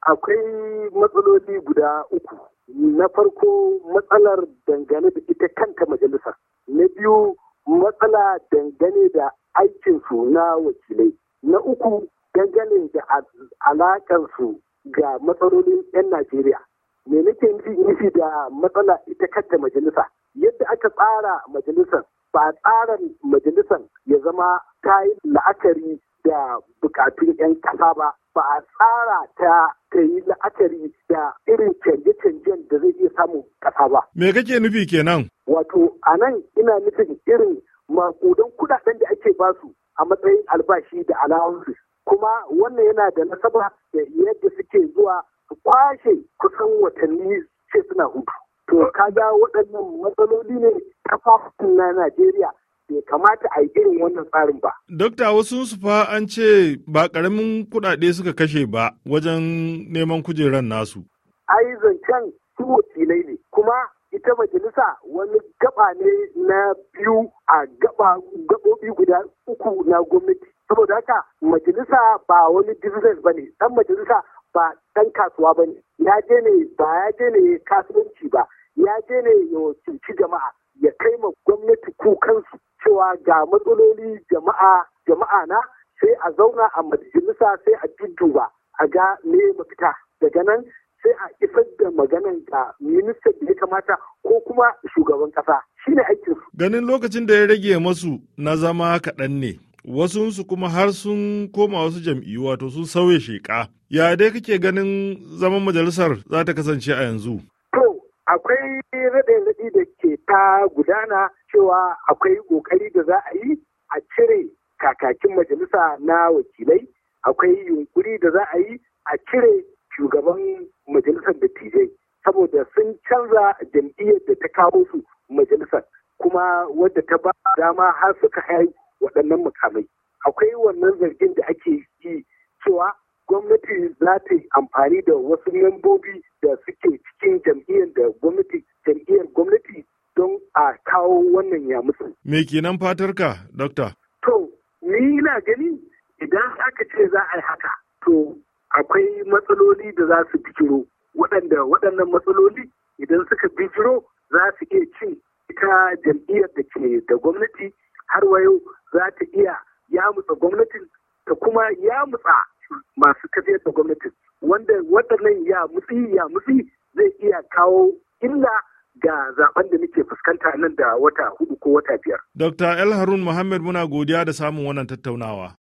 akwai matsaloli guda uku. Na farko matsalar dangane da ita kanta majalisa. Na biyu matsala dangane da aikinsu na wakilai. Na uku dangane da alakansu ga matsalolin 'yan Najeriya. Me nake nufi da matsala ita kanta majalisa? Yadda aka tsara majalisar, ba tsarin majalisar ya zama ta yi la'akari da bukatun 'yan kasa ba. ba a tsara ta ta yi la'akari da irin canje-canjen da zai iya samu ƙasa ba. Me kake nufi kenan? Wato a nan ina nufin irin makudan kudaden da ake basu a matsayin albashi da alawansu. Kuma wannan yana da nasaba da yadda suke zuwa su kwashe kusan watanni ce suna hutu. To kaga waɗannan matsaloli ne ta na Najeriya bai kamata a yi irin wannan tsarin ba. Dokta wasu su fa an ce ba karamin kuɗaɗe suka kashe ba wajen neman kujeran nasu. Ai zancen su wakilai ne kuma ita majalisa wani gaba ne na biyu a gaba gabobi guda uku na gwamnati. Saboda haka majalisa ba wani business ba ne, ɗan majalisa ba ɗan kasuwa ba ne. Ya je ne ba ya je ne kasuwanci ba, ya je ne ya wakilci jama'a ya kai ma gwamnati cewa ga matsaloli jama'a jama'a na sai a zauna a majalisa sai a dudduba a ga me mafita daga nan sai a isar da maganan ga minista da ya kamata ko kuma shugaban kasa shine aikin su ganin lokacin da ya rage masu na zama kaɗan ne wasunsu kuma har sun koma wasu jam'iyyu wato sun sauya sheƙa ya dai kake ganin zaman majalisar za ta kasance a yanzu akwai raɗe raɗe da ke ta gudana cewa akwai ƙoƙari da za a yi a cire kakakin majalisa na wakilai akwai yunkuri da za a yi a cire shugaban majalisar dattijai saboda sun canza jam'iyyar da ta kawo su majalisar kuma wadda ta ba dama har suka hai waɗannan mukamai akwai wannan zargin da ake yi cewa gwamnati za ta yi amfani da wasu membobi da suke wannan ya musu. Me kenan fatarka, Dokta? To, ni ina gani idan aka ce za a yi haka, to akwai matsaloli da za su bijiro. Waɗanda waɗannan matsaloli idan suka bijiro za su iya cin ita jam'iyyar da ke da gwamnati har wayo za ta iya ya yamutsa gwamnatin ta kuma ya yamutsa masu tafiyar da gwamnatin wanda waɗannan ya mutsi ya mutsi zai iya kawo illa ga zaben da muke fuskanta nan da wata hudu ko wata biyar. Dr. El Harun Muhammad muna godiya da samun wannan tattaunawa.